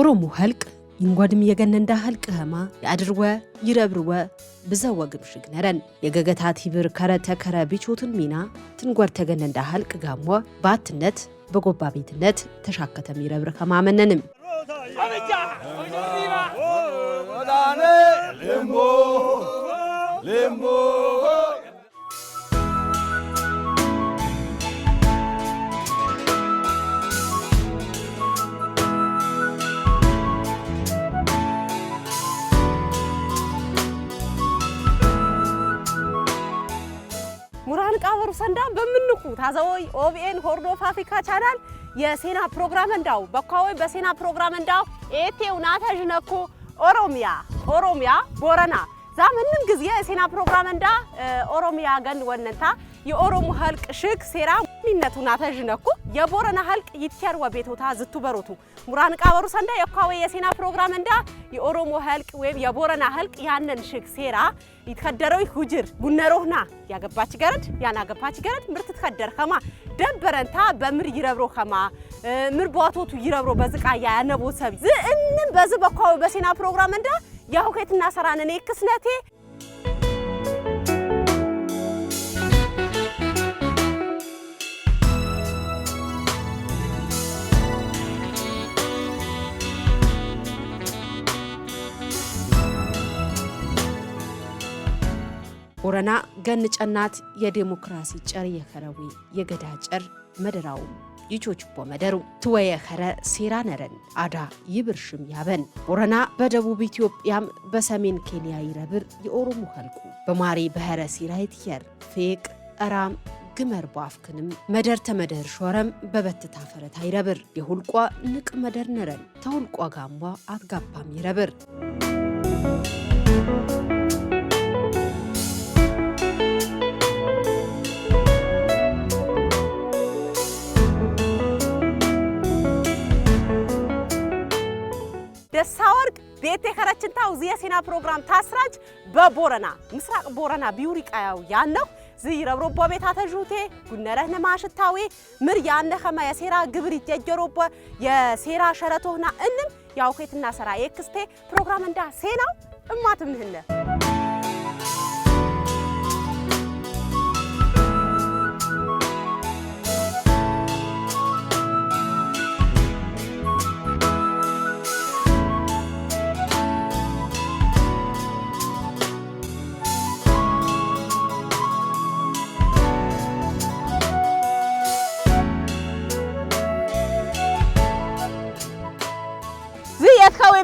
የኦሮሞ ህልቅ ይንጓድም የገነንዳ ህልቅ ኸማ ያድርወ ይረብርወ ብዛወ ግምሽግ ነረን የገገታት ከረ ተከረ ቢቾትን ሚና ትንጓድ ተገነንዳ ህልቅ ጋሞ ባትነት በጎባ ቤትነት ተሻከተም ይረብር ከማመነንም ልምቦ ልምቦ ታዘወይ ኦቢኤን ሆርን ኦፍ አፍሪካ ቻናል የሴና ፕሮግራም እንዳው በኳወይ በሴና ፕሮግራም እንዳው ኤቴው ናተዥነኮ ኦሮሚያ ኦሮሚያ ቦረና ዛ ምንም ጊዜ የሴና ፕሮግራም እንዳ ኦሮሚያ ገን ወነንታ የኦሮሞ ህልቅ ሽግ ሴራ ሚነቱ ናተዥ ነኩ የቦረና ህልቅ ይትያር ወቤቶታ ዝቱ በሮቱ ሙራን ቃበሩ ሰንዳ የኳዌ የሴና ፕሮግራም እንዳ የኦሮሞ ህልቅ ወይም የቦረና ህልቅ ያነን ሽግ ሴራ ይትከደረው ሁጅር ጉነሮህና ያገባች ገረድ ያናገባች ገረድ ምርት ትከደር ከማ ደበረንታ በምር ይረብሮ ከማ ምር ቦቶቱ ይረብሮ በዝቃያ ያነቦ ሰብ ዝእንም በዝ በኳዌ በሴና ፕሮግራም እንዳ የአውከትና ሰራን እኔ ክስነቴ ቦረና ገንጨናት የዴሞክራሲ ጨር የከረዊ የገዳ ጨር መደራውም ይቾችቦ ትወየ ትወየኸረ ሴራ ነረን አዳ ይብርሽም ያበን ቦረና በደቡብ ኢትዮጵያም በሰሜን ኬንያ ይረብር የኦሮሞ ኸልቁ በማሪ በኸረ ሲራ የር ፌቅ እራም ግመር በአፍክንም መደር ተመደር ሾረም በበትታ ፈረታ ይረብር የሁልቋ ንቅ መደር ነረን ተሁልቋ ጋንቧ አትጋባም ይረብር ቤቴከረችን ታው የሴና ፕሮግራም ታስራጅ በቦረና ምስራቅ ቦረና ቢውሪ ቀያው ያነው ዝይ ረብሮቦ ቤታ ተዡቴ ጉነረህነ ማሽታዌ ምር ያነ የሴራ ግብር ይጀጀሮቦ የሴራ ሸረቶህና እንም ያውኬትና ሰራ የክስቴ ፕሮግራም እንዳ ሴናው እማትምህነ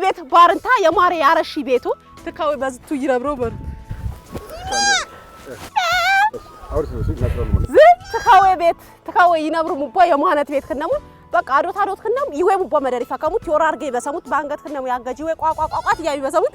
ቤት ባርንታ የማሪ ያረሺ ቤቱ ትካው በዝቱ ይረብሮ በር ዝ ትካዌ ቤት ትካዌ ይነብሩ ሙባ የማነት ቤት ክነሙ በቃ አዶት አዶት ክነሙ ይወይ ሙባ መደሪፋ ከሙት ዮራርገ ይበሰሙት ባንገት ክነሙ ያንገጂ ወይ ቋቋቋቋት እያዩ ይበሰሙት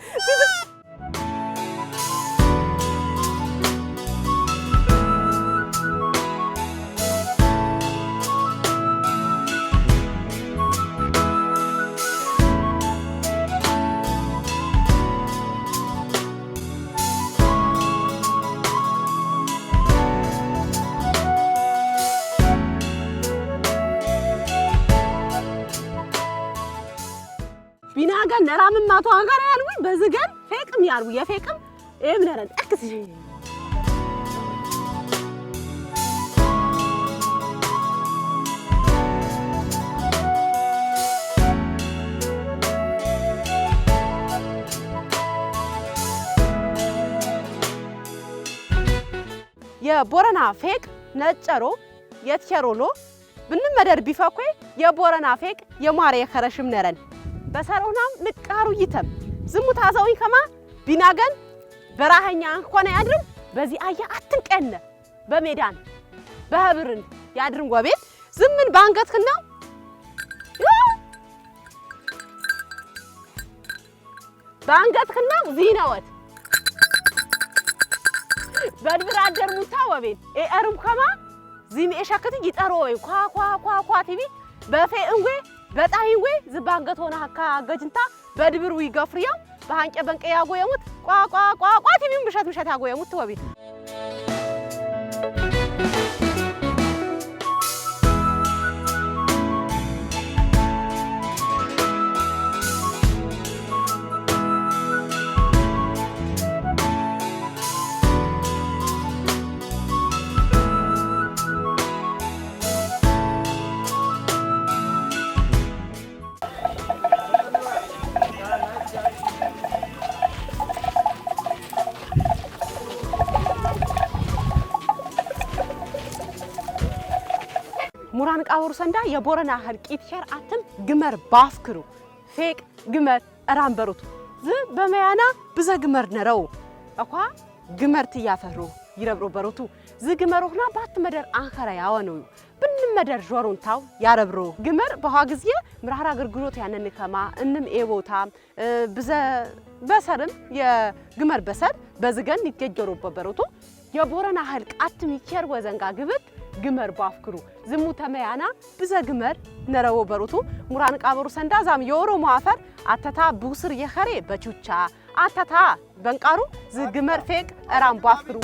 ጫምማቷ ጋር ያልዊ በዝገም ፌቅም ያልዊ የፌቅም እምነረን እክስ የቦረና ፌቅ ነጨሮ የትቸሮሎ ብንም መደር ቢፈኮይ የቦረና ፌቅ የማር የከረሽም ነረን በሰሮናም ንቃሩ ይተም ዝሙት አዘዊ ከማ ቢናገን በራኸኛ እንኳን ያድርም በዚህ አያ አትንቀነ በሜዳን በህብርን ያድርን ወቤት ዝምን ባንገትክና ባንገትክና ዚናወት በድብር አደር ሙታ ወቤት ኤአርም ከማ ዚም ኤሻከት ይጠሮ ወይ ኳ ኳ ኳ ኳ ቲቪ በፌ እንዌ በጣሂዌ ዝባንገት ሆነ ሀካ አገጅንታ በድብር ይገፍርያው በሃንጨ በንቀ ያጎየሙት የሙት ቋቋቋቋ ቲሚም ብሸት ምሸት ያጎ የሙት ወቤት ሰንዳ የቦረና ህርቂት ሄር አትም ግመር ባፍክሩ ፌቅ ግመር እራንበሩት ዝ በመያና ብዘ ግመር ነረው እኳ ግመር ትያፈሩ ይረብሮ በሩቱ ዝ ግመር ሆና ባት መደር አንከራ ያወነው ብን መደር ጆሮንታው ያረብሮ ግመር በኋ ጊዜ ምራራ አገልግሎት ያነን ከማ እንም ኤቦታ ብዘ በሰርም የግመር በሰር በዝገን ይገጀሮ በበሩቱ የቦረና ህልቃት ሚኬር ወዘንጋ ግብት ግመር ባፍክሩ ዝሙተ መያና ብዘ ግመር ነረቦ በሩቱ ሙራን ቃበሩ ሰንዳዛም የኦሮሞ አፈር አተታ ብውስር የኸሬ በቹቻ አተታ በንቃሩ ዝግመር ፌቅ እራም ባፍክሩ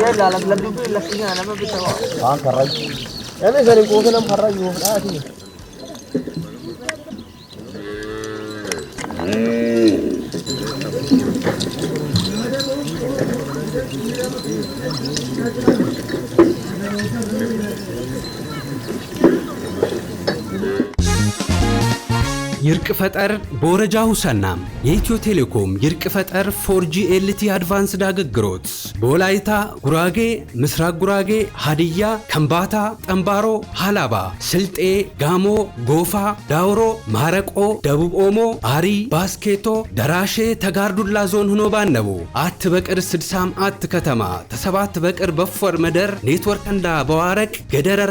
ይርቅ ፈጠር በወረጃ ሁሰናም የኢትዮ ቴሌኮም ይርቅ ፈጠር ፎርጂ ኤልቲ አድቫንስድ አገልግሎት በወላይታ ጉራጌ፣ ምስራቅ ጉራጌ፣ ሀዲያ፣ ከምባታ፣ ጠምባሮ፣ ሃላባ ስልጤ፣ ጋሞ፣ ጎፋ፣ ዳውሮ፣ ማረቆ፣ ደቡብ ኦሞ፣ አሪ፣ ባስኬቶ፣ ደራሼ፣ ተጋርዱላ ዞን ሁኖ ባነቡ አት በቅር ስድሳም አት ከተማ ተሰባት በቅር በፎር መደር ኔትወርክ እንዳ በዋረቅ ገደረ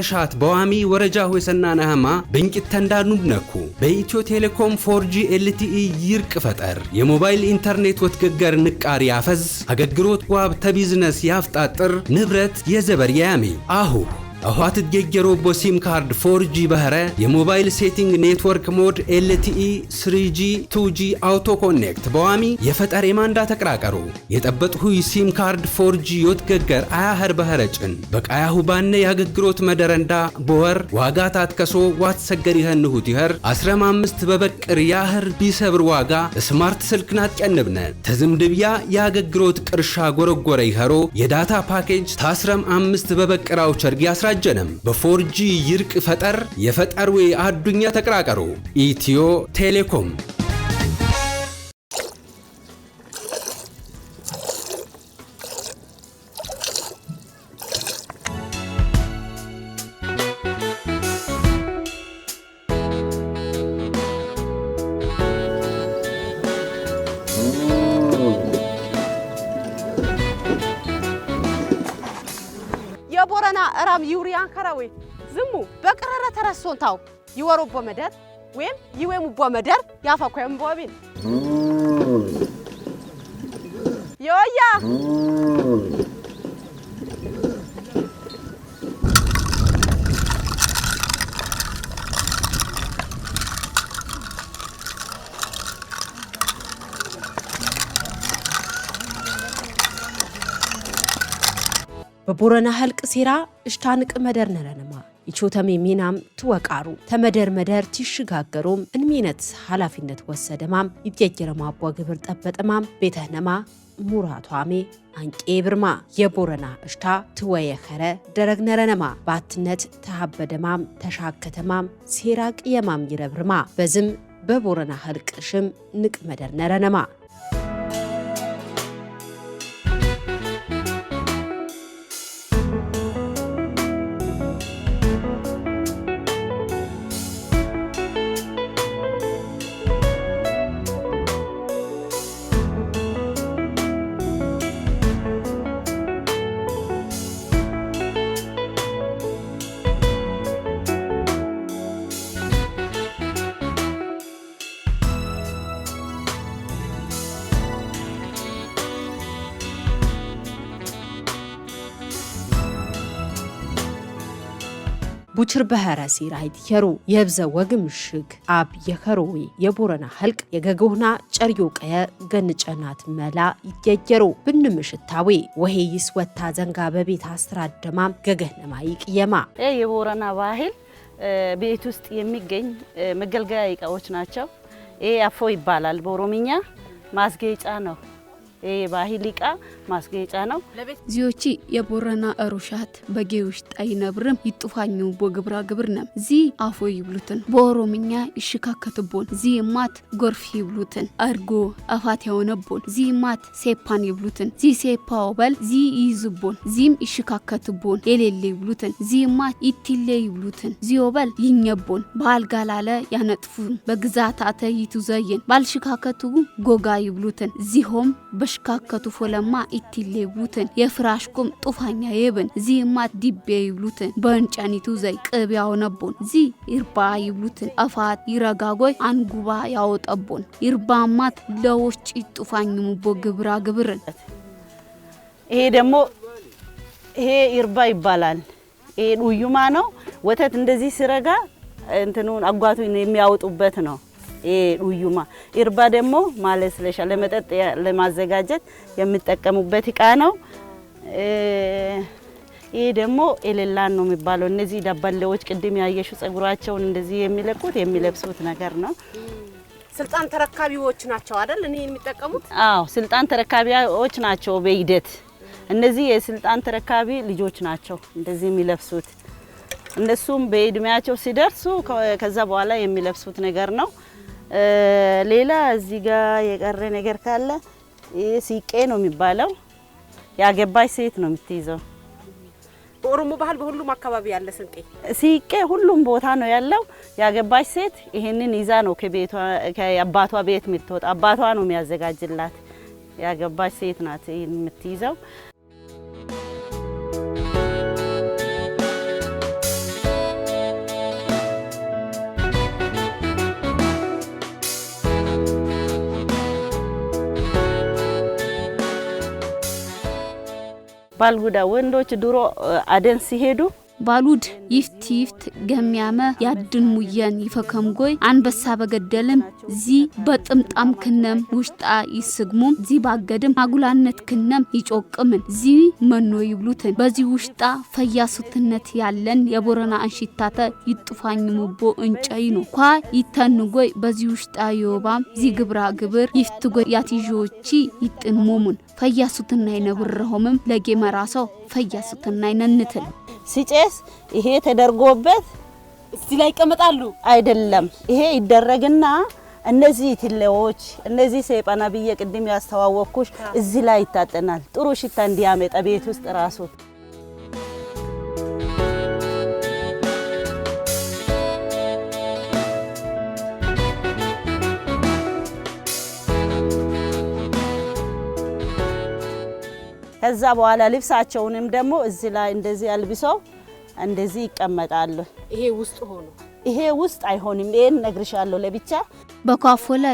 በዋሚ ወረጃ ሁሰና ነህማ ብንቂት ተንዳ ነኩ በኢትዮ ቴሌ ቴሌኮም ፎርጂ ኤልቲኢ ይርቅ ፈጠር የሞባይል ኢንተርኔት ወትገገር ንቃር ያፈዝ አገልግሎት ዋብ ተቢዝነስ ያፍጣጥር ንብረት የዘበር ያያሜ አሁ አዋትት ጌጌሮቦ ሲም ካርድ 4 በህረ የሞባይል ሴቲንግ ኔትወርክ ሞድ ኤልቲኢ 3ጂ 2ጂ አውቶ ኮኔክት በዋሚ የፈጠር የማንዳ ተቅራቀሩ የጠበጥ ሁይ ሲም ካርድ 4 ዮት ገገር አያህር በህረ ጭን በቃያሁ ባነ የአገግሮት መደረንዳ በወር ዋጋታት ከሶ ዋትሰገር ይኸንሁት ይኸር 15 በበቅር ያህር ቢሰብር ዋጋ ስማርት ስልክናት ጨንብነ ተዝምድብያ የአገግሮት ቅርሻ ጎረጎረ ይኸሮ የዳታ ፓኬጅ ታስረም አምስት በበቅራው ቸርጊ አላጀነም። በፎርጂ ይርቅ ፈጠር የፈጠርዌ አዱኛ ተቀራቀሩ። ኢትዮ ቴሌኮም አራም ይውሪ ከረዌ ዝሙ በቅረረ ታው ይወሮቦ መደር ወይም ይወሙቦ መደር ያፈኮየም ቦቢን ዮያ በቦረና ህልቅ ሴራ እሽታንቅ መደር ነረንማ ይቾተም ሚናም ትወቃሩ ተመደር መደር ትሽጋገሩም እንሚነት ኃላፊነት ወሰደማም ይትየጀረማ አቧ ግብር ጠበጠማም ቤተህነማ ሙራቷሜ አንቄ ብርማ የቦረና እሽታ ትወየኸረ ደረግነረነማ ባትነት ተሃበደማም ተሻከተማም ሴራቅ የማም ይረብርማ በዝም በቦረና ህልቅ ሽም ንቅ መደር ነረነማ ቡችር በኸረ ሲራይት የሩ የብዘ ወግም ሽግ አብ የኸሮዊ የቦረና ህልቅ የገጎህና ጨርዮ ቀየ ገንጨናት መላ ይየየሩ ብንምሽታዌ ወሄ ይስወታ ዘንጋ በቤት አስራደማም ገገህነማ ይቅየማ የቦረና ባህል ቤት ውስጥ የሚገኝ መገልገያ እቃዎች ናቸው። ይሄ አፎ ይባላል በኦሮምኛ ማስጌጫ ነው። የባህል እቃ ማስጌጫ ነው። እዚዎቺ የቦረና እሩሻት በጌዎች ጣይነብርም ይጡፋኙ ቦግብራ ግብር ግብርነም እዚ አፎ ይብሉትን በኦሮምኛ ይሽካከትቦን እዚ ማት ጎርፍ ይብሉትን አርጎ አፋት የሆነቦን እዚ ማት ሴፓን ይብሉትን እዚ ሴፓ ወበል እዚ ይይዝቦን እዚም ይሽካከትቦን የሌለ ይብሉትን እዚ ማት ይትሌ ይብሉትን እዚ ወበል ይኘቦን ባልጋላለ ያነጥፉን በግዛታተ ይትዘየን ባልሽካከቱ ጎጋ ይብሉትን እዚሆም በሽ ይሽካከቱ ፎለማ የፍራሽ ቁም ጡፋኛ የብን ዚማ ዲቤ ይብሉትን በንጫኒቱ ዘይ ቅብ ያውነቦን ዚ ይርባ ይብሉትን አፋት ይረጋጎይ አንጉባ ያወጠቦን ይርባማት ለውጭ ሙቦ ግብራ ግብርን ይሄ ደግሞ ይሄ ይርባ ይባላል። ይሄ ዱዩማ ነው። ወተት እንደዚህ ሲረጋ እንትኑን አጓቱ የሚያወጡበት ነው። ኡዩማ ኢርባ ደግሞ ማለስለሻ ለመጠጥ ለማዘጋጀት የሚጠቀሙበት እቃ ነው። ይህ ደግሞ ኤሌላን ነው የሚባለው። እነዚህ ዳባሌዎች ቅድም ያየሹ ጸጉራቸውን እንደዚህ የሚለቁት የሚለብሱት ነገር ነው። ስልጣን ተረካቢዎች ናቸው አይደል? እኔ የሚጠቀሙት አዎ፣ ስልጣን ተረካቢዎች ናቸው። በሂደት እነዚህ የስልጣን ተረካቢ ልጆች ናቸው እንደዚህ የሚለብሱት። እነሱም በእድሜያቸው ሲደርሱ ከዛ በኋላ የሚለብሱት ነገር ነው። ሌላ እዚህ ጋር የቀረ ነገር ካለ ሲቄ ነው የሚባለው። ያገባች ሴት ነው የምትይዘው። በኦሮሞ ባህል በሁሉም አካባቢ ያለ ስንቄ ሲቄ ሁሉም ቦታ ነው ያለው። ያገባች ሴት ይህንን ይዛ ነው ከአባቷ ቤት የምትወጣ። አባቷ ነው የሚያዘጋጅላት። ያገባች ሴት ናት ይህን የምትይዘው። ባልሁዳ ወንዶች ድሮ አደን ሲሄዱ ባሉድ ይፍት ይፍት ገሚያመ ያድን ሙየን ጎይ አንበሳ በገደልም ዚ በጥምጣም ክነም ውሽጣ ይስግሙም ዚ ባገድም አጉላነት ክነም ይጮቅምን ዚ መኖ ይብሉትን በዚህ ውሽጣ ፈያሱትነት ያለን የቦረና እንሽታተ ይጥፋኝ ሙቦ እንጨይ ነው ኳ ይተን ጎይ በዚህ ውሽጣ ዮባም ዚ ግብራ ግብር ይፍት ጎይ ያትዦቺ ይጥንሙምን ፈያሱትና ይነብረሆምም ለጌመራሰው ፈያሱትና ይነንትል ሲጨስ ይሄ ተደርጎበት እዚህ ላይ ይቀመጣሉ። አይደለም ይሄ ይደረግና እነዚህ ትለዎች እነዚህ ሰይጣና ብዬ ቅድም ያስተዋወቅኩሽ እዚህ ላይ ይታጠናል፣ ጥሩ ሽታ እንዲያመጣ ቤት ውስጥ ራሱ ከዛ በኋላ ልብሳቸውንም ደግሞ እዚህ ላይ እንደዚህ አልብሰው እንደዚህ ይቀመጣሉ። ይሄ ውስጥ ሆኖ ይሄ ውስጥ አይሆንም። ይሄን እነግርሻለሁ ለብቻ በኳፎለ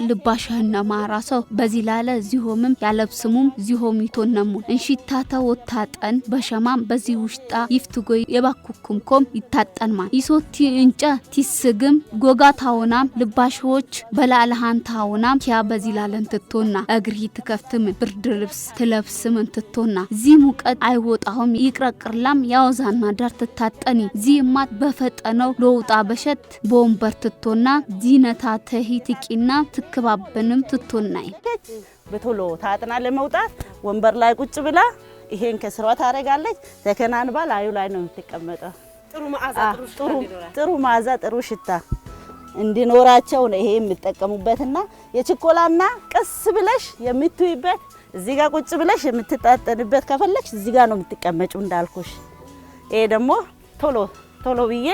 ማራ ሰው በዚህ ላለ ዚሆምም ያለብስሙም ዚሆም ይቶነሙ እንሺታተ ወታጠን በሸማም በዚህ ውሽጣ ይፍትጎይ የባኩኩምኮም ይታጠንማል ይሶቲ እንጨ ቲስግም ጎጋ ታውናም ልባሽዎች በላልሃን ታውናም ኪያ በዚህ ላለ እንትቶና እግሪ ትከፍትምን ብርድ ልብስ ትለብስም እንትቶና ዚህ ሙቀት አይወጣሁም ይቅረቅርላም ያወዛና ዳር ትታጠኒ ዚህ እማት በፈጠነው ለውጣ በሸት በወንበር ትቶና ዚነታ ተሂት ትንቂና ትከባበንም ትቶናይ በቶሎ ታጥና ለመውጣት ወንበር ላይ ቁጭ ብላ ይሄን ከስሯ ታደርጋለች። ተከናንባ ላዩ ላይ ነው የምትቀመጠው። ጥሩ መዓዛ፣ ጥሩ ሽታ እንዲኖራቸው ነው ይሄ የምጠቀሙበትና የችኮላና ቀስ ብለሽ የምትይበት እዚህ ጋር ቁጭ ብለሽ የምትጣጠንበት ከፈለግሽ እዚህ ጋር ነው የምትቀመጪው እንዳልኩሽ። ይሄ ደግሞ ቶሎ ቶሎ ብዬ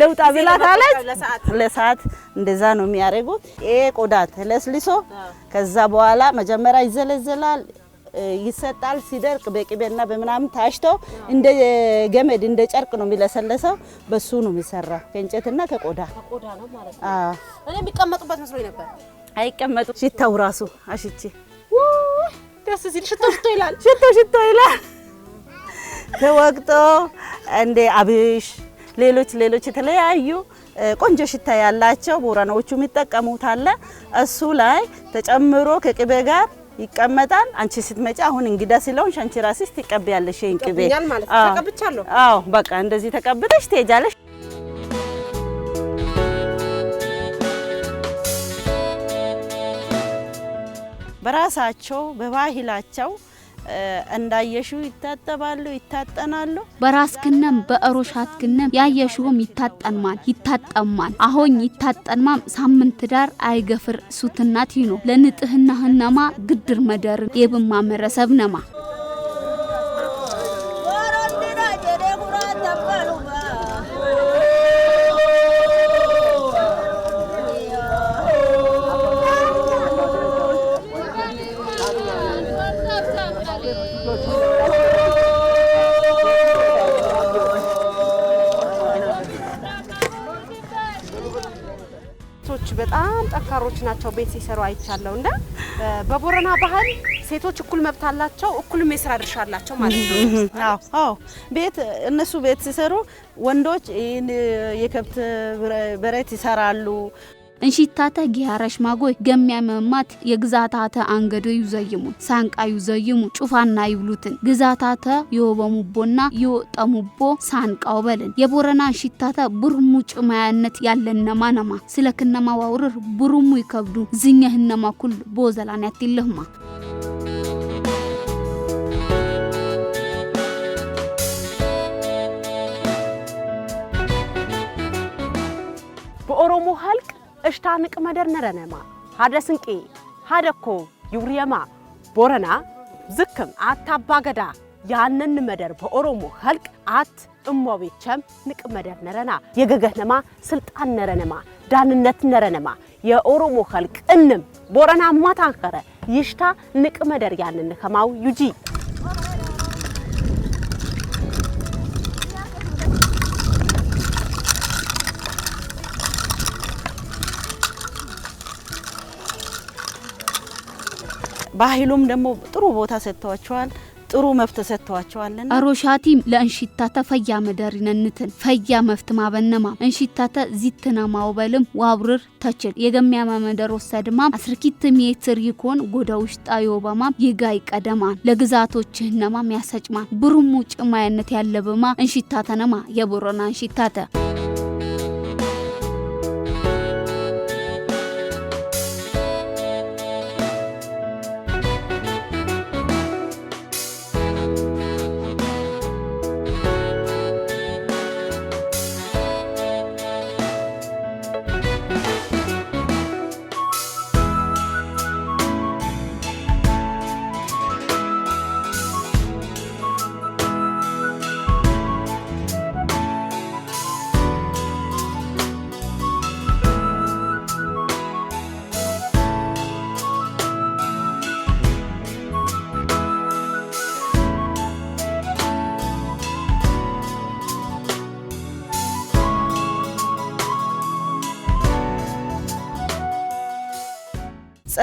ለውጣ ብላት አለች። ለሰዓት እንደዛ ነው የሚያደርጉት። ይሄ ቆዳ ተለስልሶ ከዛ በኋላ መጀመሪያ ይዘለዘላል፣ ይሰጣል። ሲደርቅ በቅቤና በምናምን ታሽቶ እንደ ገመድ እንደ ጨርቅ ነው የሚለሰለሰው። በሱ ነው የሚሰራ ከእንጨትና ከቆዳ የሚቀመጡበት መስሎኝ ነበር። አይቀመጡ ሽታው ራሱ አሽቼ ደስ ሲል ሽቶ ሽቶ ይላል። ሽቶ ሽቶ ይላል። ተወቅጦ እንደ አብሽ ሌሎች ሌሎች የተለያዩ ቆንጆ ሽታ ያላቸው ቦረናዎቹ የሚጠቀሙት አለ። እሱ ላይ ተጨምሮ ከቅቤ ጋር ይቀመጣል። አንቺ ስትመጪ አሁን እንግዳ ስለሆንሽ አንቺ ራስሽ ትቀቢያለሽ። ይህን ቅቤ ተቀብቻለሁ። በቃ እንደዚህ ተቀብተሽ ትሄጃለሽ። በራሳቸው በባህላቸው እንዳየሽው ይታጠባሉ፣ ይታጠናሉ። በራስ በራስክነም በእሮሻትክነም ያየሽውም ይታጠንማል፣ ይታጠማል አሁን ይታጠንማም ሳምንት ዳር አይገፍር ሱትናት ይኖ ለንጥህና ህነማ ግድር መደር የብማ መረሰብ ነማ ናቸው ቤት ሲሰሩ አይቻለሁ። እና በቦረና ባህል ሴቶች እኩል መብት አላቸው፣ እኩልም የስራ ድርሻ አላቸው ማለት ነው። አዎ ቤት እነሱ ቤት ሲሰሩ ወንዶች ይህን የከብት በረት ይሰራሉ። እንሺታተ ጊሃረሽ ማጎይ መማት የግዛታተ አንገዶ ይዘይሙ ሳንቃ ይዘይሙ ጩፋና ይብሉትን ግዛታተ የወበሙቦና የወጠሙቦ ሳንቃው በልን የቦረና እንሺታተ ቡርሙ ጭማያነት ያለነማ ነማ ስለክነማ ክነማ ዋውርር ቡርሙ ይከብዱ ዝኛህነማ ኩል ቦዘላን ያትልህማ እሽታ ንቅ መደርነረነማ ሀደ ስንቄ ሀደኮ ዩርየማ ቦረና ዝክም አታባገዳ ያነን መደር በኦሮሞ ኸልቅ አት እሞቤቸም ንቅ መደር ነረና የገገህነማ ስልጣን ነረነማ ዳንነት ነረነማ የኦሮሞ ኸልቅ እንም ቦረና ማታንኸረ ይሽታ ንቅ መደር ያንን ከማው ዩጂ ባህሉም ደግሞ ጥሩ ቦታ ሰጥተዋቸዋል። ጥሩ መፍት ሰጥተዋቸዋለን። አሮሻቲም ለእንሽታተ ፈያ መደሪነንትን ፈያ መፍት ማበነማ እንሽታተ ዚትና ማውበልም ዋብርር ተችል የገሚያ መመደር ወሰድማ አስርኪት ሜትር ይኮን ጎዳ ውሽጣ ዮበማ ይጋይ ቀደማን ለግዛቶችህነማ ሚያሰጭማን ብሩሙ ጭማያነት ያለብማ እንሽታተነማ የቦረና እንሽታተ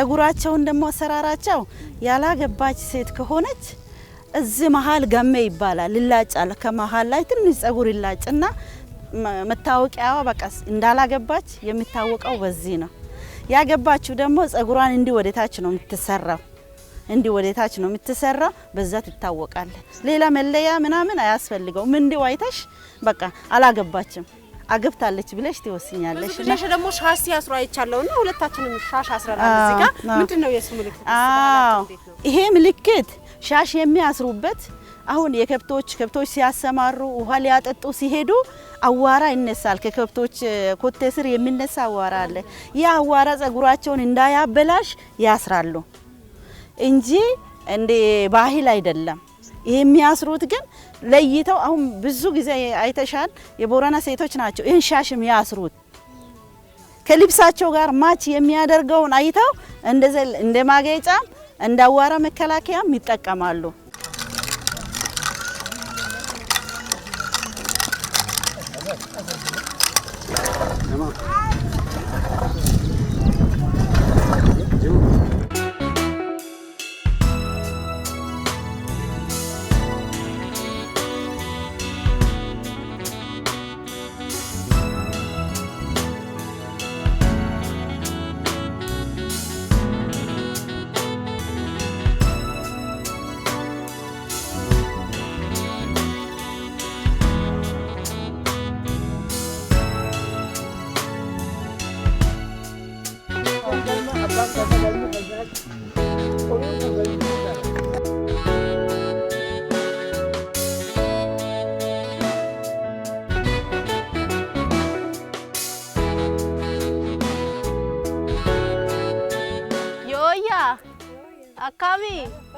ጸጉራቸውን ደግሞ አሰራራቸው ያላገባች ሴት ከሆነች እዚህ መሀል ገሜ ይባላል ይላጫል። ከመሀል ላይ ትንሽ ጸጉር ይላጭና መታወቂያዋ በቃ እንዳላገባች የሚታወቀው በዚህ ነው። ያገባችው ደግሞ ጸጉሯን እንዲህ ወደታች ነው የምትሰራው፣ እንዲህ ወደታች ነው የምትሰራ፣ በዛ ትታወቃለ። ሌላ መለያ ምናምን አያስፈልገውም። እንዲህ ዋይተሽ በቃ አላገባችም አገብታለች ብለሽ ትወስኛለሽ ብለሽ ደግሞ ሻሽ አስሮ አይቻለሁ እና ሁለታችንም ሻሽ አስረናል። እዚህ ጋር ምንድን ነው የሱ ምልክት? አዎ ይሄ ምልክት ሻሽ የሚያስሩበት አሁን የከብቶች ከብቶች ሲያሰማሩ ውሃ ሊያጠጡ ሲሄዱ አዋራ ይነሳል። ከከብቶች ኮቴ ስር የሚነሳ አዋራ አለ። ያ አዋራ ጸጉራቸውን እንዳያበላሽ ያስራሉ እንጂ እንደ ባህል አይደለም። ይሄ የሚያስሩት ግን ለይተው አሁን ብዙ ጊዜ አይተሻል። የቦረና ሴቶች ናቸው ይህን ሻሽ የሚያስሩት ከልብሳቸው ጋር ማች የሚያደርገውን አይተው እንደ ማጌጫም እንደ አዋራ መከላከያም ይጠቀማሉ።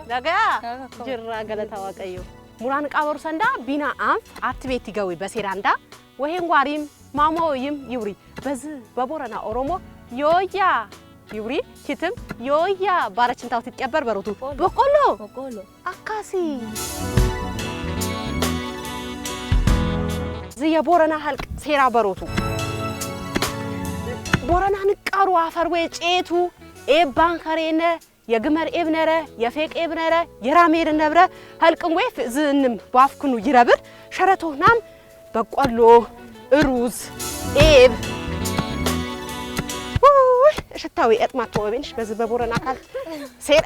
Dhagaa jirraa galata waaqayyo. Muraan qaawwaru sandaa biinaa aanf aatti beetti gawwi baseeraandaa ወይን ጓሪም ማሞይም ይውሪ በዝ በቦረና ኦሮሞ ዮያ ይውሪ ኪትም ዮያ ባረችንታው ትቀበር በሮቱ በቆሎ አካሲ ዝ የቦረና ሀልቅ ሴራ በሮቱ ቦረና ንቃሩ አፈር ወይ ጬቱ ኤባን ከሬነ የግመር ኤብነረ የፌቅ ኤብነረ የራሜር ነብረ ሀልቅን ወይ ፍዝንም ባፍክኑ ይረብር ሸረቶናም በቆሎ ሩዝ ኤብ እሽታዊ እጥማት ወቤንሽ በዚህ በቦረና አካል ሴረ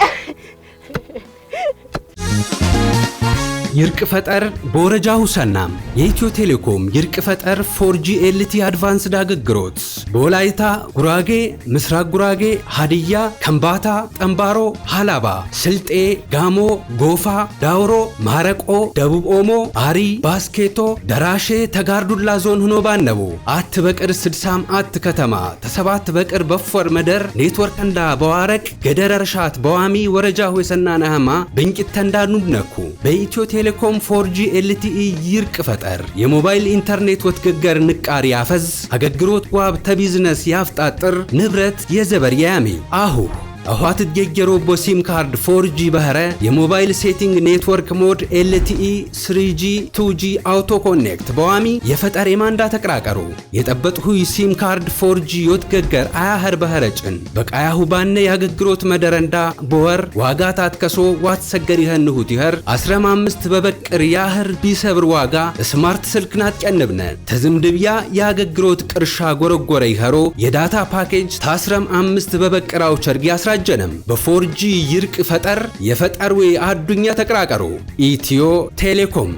ይርቅ ፈጠር በወረጃ ሁሰና የኢትዮ ቴሌኮም ይርቅ ፈጠር ፎርጂ ኤልቲ አድቫንስድ አገልግሎት በወላይታ ጉራጌ፣ ምስራቅ ጉራጌ፣ ሀዲያ፣ ከምባታ፣ ጠምባሮ፣ ሀላባ፣ ስልጤ፣ ጋሞ፣ ጎፋ፣ ዳውሮ፣ ማረቆ፣ ደቡብ ኦሞ፣ አሪ፣ ባስኬቶ፣ ደራሼ፣ ተጋርዱላ ዞን ሆኖ ባነቡ አት በቅር ስድሳም አት ከተማ ተሰባት በቅር በፎር መደር ኔትወርክ እንዳ በዋረቅ ገደረ ርሻት በዋሚ ወረጃ ሁሰና ነህማ ብንጭት ተንዳ ነኩ በኢትዮ ቴሌኮም ፎርጂ ኤልቲኢ ይርቅ ፈጠር የሞባይል ኢንተርኔት ወትገገር ንቃር ያፈዝ አገልግሎት ዋብ ተቢዝነስ ያፍጣጥር ንብረት የዘበር ያያሜ አሁ አዋት ገገሮ ሲም ካርድ 4G በህረ የሞባይል ሴቲንግ ኔትወርክ ሞድ LTE 3G 2G አውቶ ኮኔክት በዋሚ የፈጠር የማንዳ ተቀራቀሩ የጠበጥ ሁይ ሲም ካርድ 4G ዮት ገገር አያህር በህረ ጭን በቃያሁ ባነ የአገግሮት መደረንዳ በወር ዋጋ ታትከሶ ዋትሰገር ይኸንሁት ይኸር 15 በበቅር ያህር ቢሰብር ዋጋ ስማርት ስልክ ናትቀንብነ ተዝምድብያ የአገግሮት ቅርሻ ጎረጎረ ይኸሮ የዳታ ፓኬጅ ታስረም አምስት በበቅራው ቸርጊ አላጀነም። በፎርጂ ይርቅ ፈጠር የፈጠር ወይ አዱኛ ተቀራቀሩ። ኢትዮ ቴሌኮም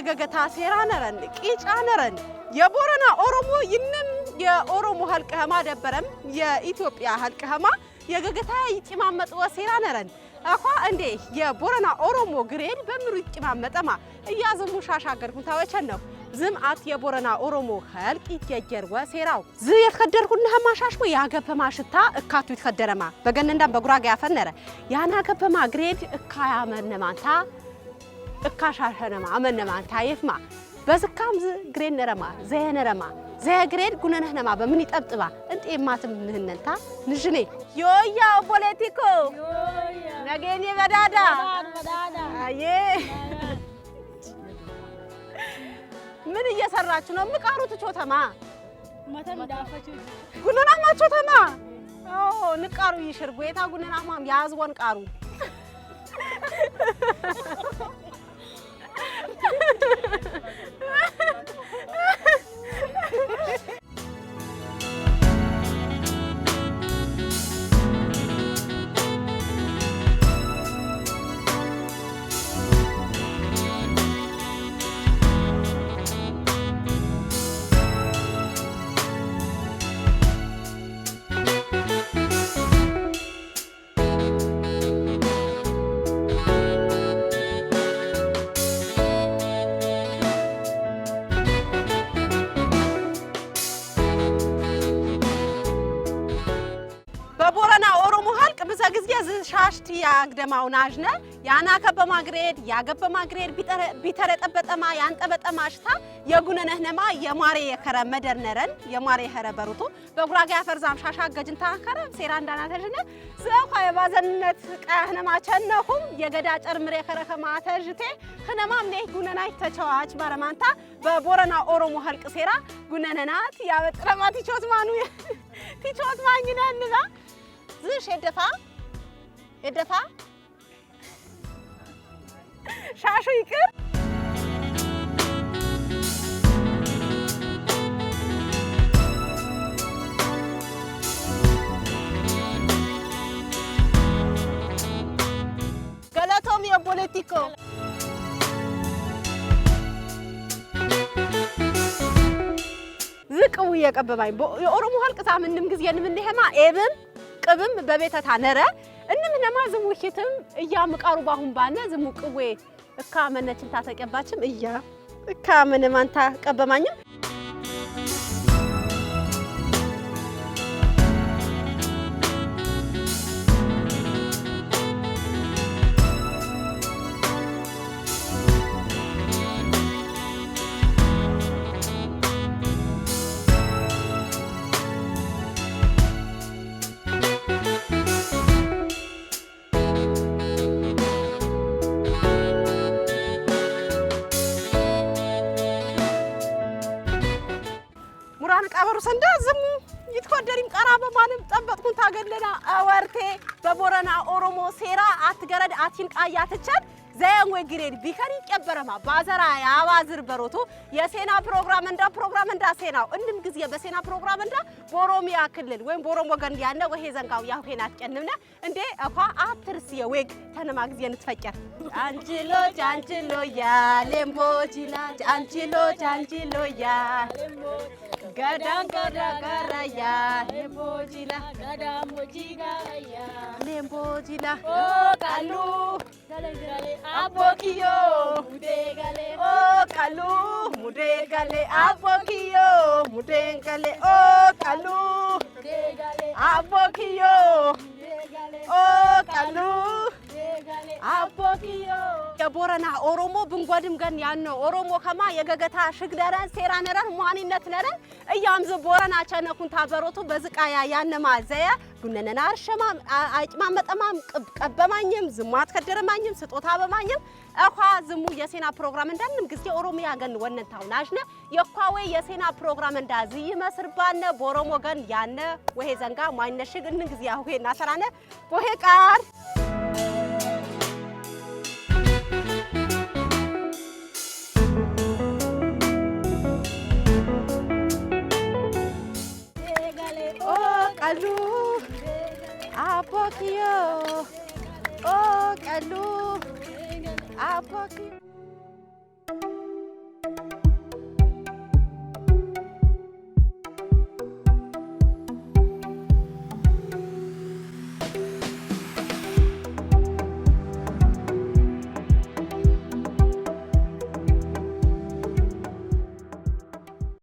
የገገታ ሴራ ነረን ቂጫ ነረን የቦረና ኦሮሞ ይንም የኦሮሞ ሀልቅ ደበረም የኢትዮጵያ ሀልቅ የገገታ ይጭማመጥ ወሴራ ነረን አኳ እንዴ የቦረና ኦሮሞ ግሬን በምሩ ይጭማመጠማ እያዝሙ ሻሻገርኩን ታወቸን ነው ዝም አት የቦረና ኦሮሞ ህልቅ ይጀጀር ወሴራው ዝ የተከደርኩን ነህማ ሻሽሞ ያገበማ ሽታ እካቱ ይትከደረማ በገነንዳም በጉራጋ ያፈነረ ያናገበማ ግሬድ እካ ያመነማንታ እካሻሸነማ አመነማን ታየፍማ በዝካም ግሬን ነረማ ዘየ ነረማ ዘየ ግሬን ጉነነህ ነማ በምን ይጠብጥባ እንጤ የማትም ንህነልታ ንሽኔ ዮያ ፖለቲኮ ነገኔ በዳዳ አዬ ምን እየሰራችሁ ነው? ምቃሩት ቾተማ ጉነናማ ቾተማ ንቃሩ ይሽር ጎታ ጉነናማም ያዝወን ቃሩ gracias. በቦረና ኦሮሞ ሀልቅ ብዛ ጊዜ ዝሻሽቲ ያግደማው ናዥነ ያና ከበማ ግሬድ ያገበማ ግሬድ ቢተረጠበጠማ ያንጠበጠማ ሽታ የጉነነህነማ የማሬ የከረ መደር ነረን የማሬ የከረ በሩቱ በጉራጌ አፈርዛም ሻሻ ገጅንታ ከረ ሴራ እንዳናተዥነ ዘኳ የባዘንነት ቀያህነማ ቸነሁም የገዳ ጨርምር የከረ ከማተዥቴ ህነማም ኔህ ጉነናይ ተቸዋች ባረማንታ በቦረና ኦሮሞ ሀልቅ ሴራ ጉነነናት ያበጥረማ ቲቾት ማኑ ቲቾት ማኝነንና زيش الدفا الدفا شاشو يكر Galatomio politico. ዝቅው እየቀበባኝ የኦሮሞ ሀልቅሳ ምንም ጊዜ ንምንሄማ ኤብም ቅብም በቤተ ታነረ ለማ ዝሙኪትም እያ ምቃሩ ባሁን ባነ ዝሙቅዌ እካ መነችን ታተቀባችም እያ እካ ምንም አንታ ቀበማኝም አገለና አዋር ሴ በቦረና ኦሮሞ ሴራ አትገረድ አቲንቃ ዘያን ወይ ግሬድ ቢከሪ ቀበረማ ባዘራ ያባዝር በሮቱ የሴና ፕሮግራም እንዳ ፕሮግራም እንዳ ሴናው እንድም ጊዜ በሴና ፕሮግራም እንዳ በኦሮሚያ ክልል ወይም በኦሮሞ ወገን ያነ ወሄ ዘንጋው ያው ሄና አትቀንምነ እንዴ አኳ አትርስ የዌግ ተነማ ጊዜ እንትፈቀር አንቺሎ ቻንቺሎ ያ ሌምቦ ቺላ ቻንቺሎ ቻንቺሎ ያ ገዳም ገዳ ጋራ ያ ሌምቦ ቺላ ገዳም ወቺ ጋራ Nembo jila kalu Apokio, abokiyo mudegale o kalu mudegale abokiyo mudegale o kalu mudegale abokiyo o kalu የቦረና ኦሮሞ ብንጎድም ገን ያነ ኦሮሞ ከማ የገገታ ሽግደረን ሟኒነት ነረን እያምዝ ቦረና ቸነኩን ታበሮቱ በዝቃያ ያነማ ዘየ ጉነነና አርሸማ መጠማም ቀበማኝም ስጦታ በማኝም እኳ ዝሙ የሴና ፕሮግራም እንዳንም ጊዜ ኦሮሚያ ገን ወነንታው ናሽነ የሴና ፕሮግራም ገን ያነ ወሄ ዘንጋ ማይነሽግ እንን ጊዜ አሁሄ እናሰራነ ወሄ ቃር ቃሉ አቦኪዮ ኦ ቃሉ አቦኪዮ